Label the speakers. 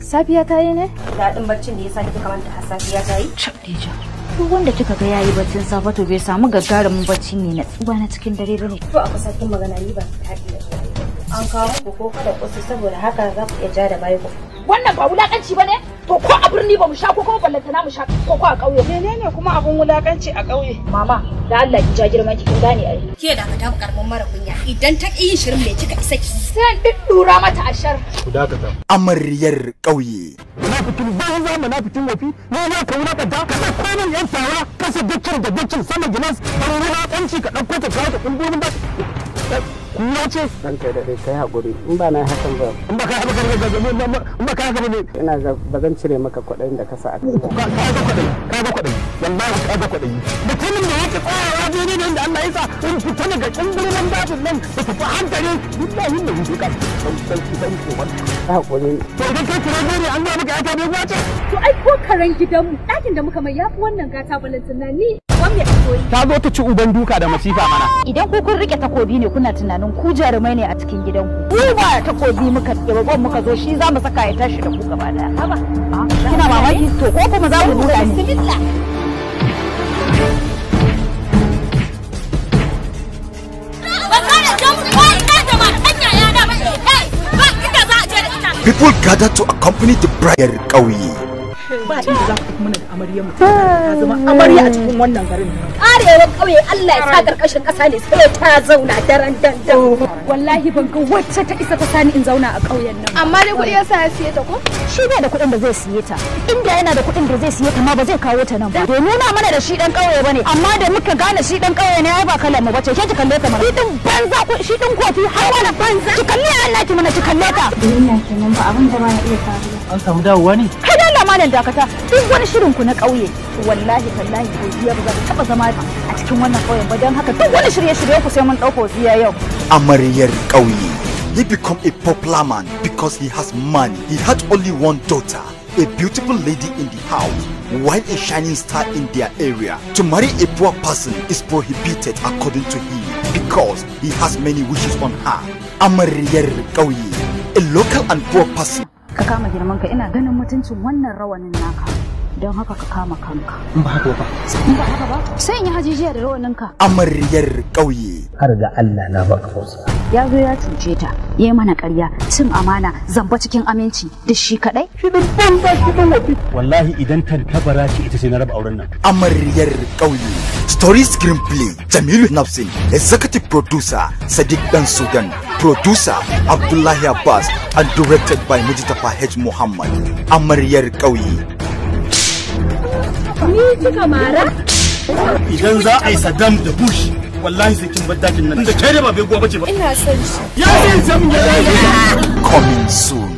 Speaker 1: safiya ta yi ne? Daɗin barcin da ya sa kika manta a safiya ta yi? ja. Duk wanda kika ga yayi baccin safe to bai samu gagarumin bacci na natsuwa na cikin dare bane. To a kusakin magana ni ba ta haɗi da An kawo ku ko kada ƙusa saboda haka za ku iya ja da baiko. Wannan ba wulakanci ba ne? birni ba mu sha koko ballanta na mu sha koko a ƙauye menene kuma abun wulakanci a ƙauye mama da Allah ki ja girman ki kin gane ai ke da ka tafi karɓar mara kunya idan ta yin shirin me kika isa ki sai dura mata a ashar ku dakata amaryar ƙauye na fitin banza ma na fitin wafi ne na ka wulakanta ka sa kwanan yan tawa ka sa dakkar da dakkar sama gilas ka wulakanci ka ɗauko ta kawo ta kundurin ba na ce dan kai dade kai hakuri in ba na hakan ba in ba ka haka ba in ba ka haka ba ina ga ba zan cire maka kuɗin da ka sa a kai ka ga kuɗin ka ga kuɗin wallahi ka ga kuɗin mutumin da yake tsayawa jini ne da Allah ya sa in fita daga kumburin babin nan da tafi hankali billahi ne shi ka san san san ko ba hakuri to idan kai kira gori an ba maka ya ta bai gwace to ai ko karan gidanmu ɗakin da muka mai yafi wannan gata balantin na ni ta zo ta ci uban duka da masifa mana idan ku kun rike takobi ne kuna tunanin ku jarumai ne a cikin gidanku ku ba takobi muka ba muka zo shi za mu saka ya tashi da ku gaba daya kina mamaki to ko kuma za mu buɗa ni People gather to accompany the bride. Kawi. ba inda za ku mana da amaryar mu ta zama amarya a cikin wannan garin karewa kauye Allah ya sa karkashin kasa ne sai ta zauna daren dan dan oh. wallahi ban ga wacce ta isa ta sani in zauna a kauyen nan amma dai kuɗi yasa ya siye ta ko shi ne da kuɗin da zai siye ta inda yana da kuɗin da zai siye ta ma ba zai kawo ta nan ba bai nuna mana da shi dan kauye bane amma da muka gane shi dan kauye ne ai ba kalan mu bace ke ki kalle ta mana din banza ko shi din kofi har wani banza ki kalle Allah ki mana ki kalle ta ina kenan ba abin da ba ya iya faruwa an samu dawowa ne malam dakata duk wani shirin ku na ƙauye wallahi tallahi godiya ba za taba zama a cikin wannan ƙauyen ba don haka duk wani shirye-shirye ku sai mun ɗauko ziya yau amaryar ƙauye he become a popular man because he has money he had only one daughter a beautiful lady in the house while a shining star in their area. To marry a poor person is prohibited according to him because he has many wishes on her. Amaryar ƙauye a local and poor person ka kama girman ka ina ganin mutuncin wannan rawanin naka don haka ka kama kanka in ba haka ba in ba haka ba sai in yi hajijiya da rawanin ka amaryar ƙauye har ga Allah na baka fausa ya zo ya cuce ta yayi mana ƙarya cin amana zamba cikin aminci da shi kadai shi da ban ba shi wafi wallahi idan tantabara ce ita ce na raba auren nan amaryar ƙauye story screenplay Jamilu Nafsin executive producer Sadiq Dan Sudan producer Abdullahi Abbas and directed by Mujitafa H. Muhammad. Amaryar Kauyi. Ni kika mara? Idan za a yi Saddam da Bush, wallahi sai kin bar nan. Da kai ba bai guwa bace ba. Ina son shi. Ya zai zama ya Coming soon.